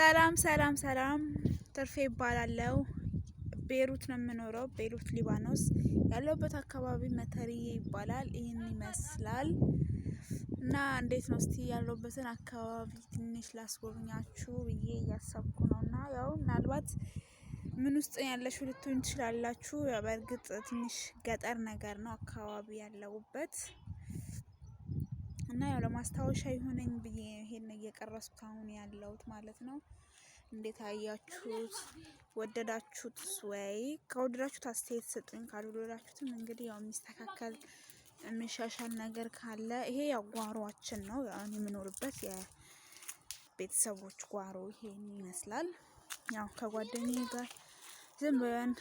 ሰላም ሰላም ሰላም፣ ትርፌ ይባላለው። ቤሩት ነው የምኖረው፣ ቤሩት ሊባኖስ። ያለሁበት አካባቢ መተርዬ ይባላል። ይህን ይመስላል እና እንዴት ነው እስቲ ያለሁበትን አካባቢ ትንሽ ላስጎብኛችሁ ብዬ እያሰብኩ ነው። እና ያው ምናልባት ምን ውስጥ ያለሽ ልትሆን ትችላላችሁ። በእርግጥ ትንሽ ገጠር ነገር ነው አካባቢ ያለሁበት እና ያው ለማስታወሻ ይሆነኝ ብዬ እየቀረስኩ አሁን ያለሁት ማለት ነው። እንዴት አያችሁት? ወደዳችሁት ወይ? ከወደዳችሁት አስተያየት ስጡኝ። ካልወደዳችሁትም እንግዲህ ያው የሚስተካከል የሚሻሻል ነገር ካለ ይሄ ያው ጓሯችን ነው ያሁን የምኖርበት የቤተሰቦች ጓሮ ይሄን ይመስላል። ያው ከጓደኛዬ ጋር ዝም ብለን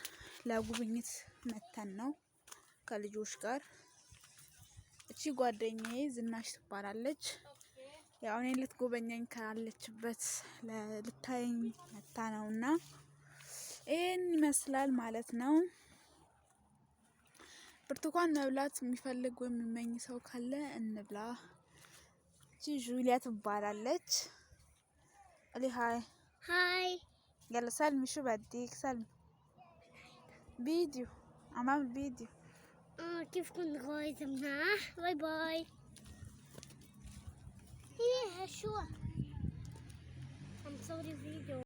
ለጉብኝት መተን ነው ከልጆች ጋር። እቺ ጓደኛዬ ዝናሽ ትባላለች። ያው እኔን ልትጎበኘኝ ካለችበት ልታየኝ መታ ነውና ይህን ይመስላል ማለት ነው። ብርቱካን መብላት የሚፈልግ ወይም የሚመኝ ሰው ካለ እንብላ። እቺ ጁሊያ ትባላለች። አሊ ሃይ ሃይ يلا سلمي شو بدك سلمي فيديو أمام فيديو آه كيف كنت غايزة مناح باي باي sure. I'm sorry, video.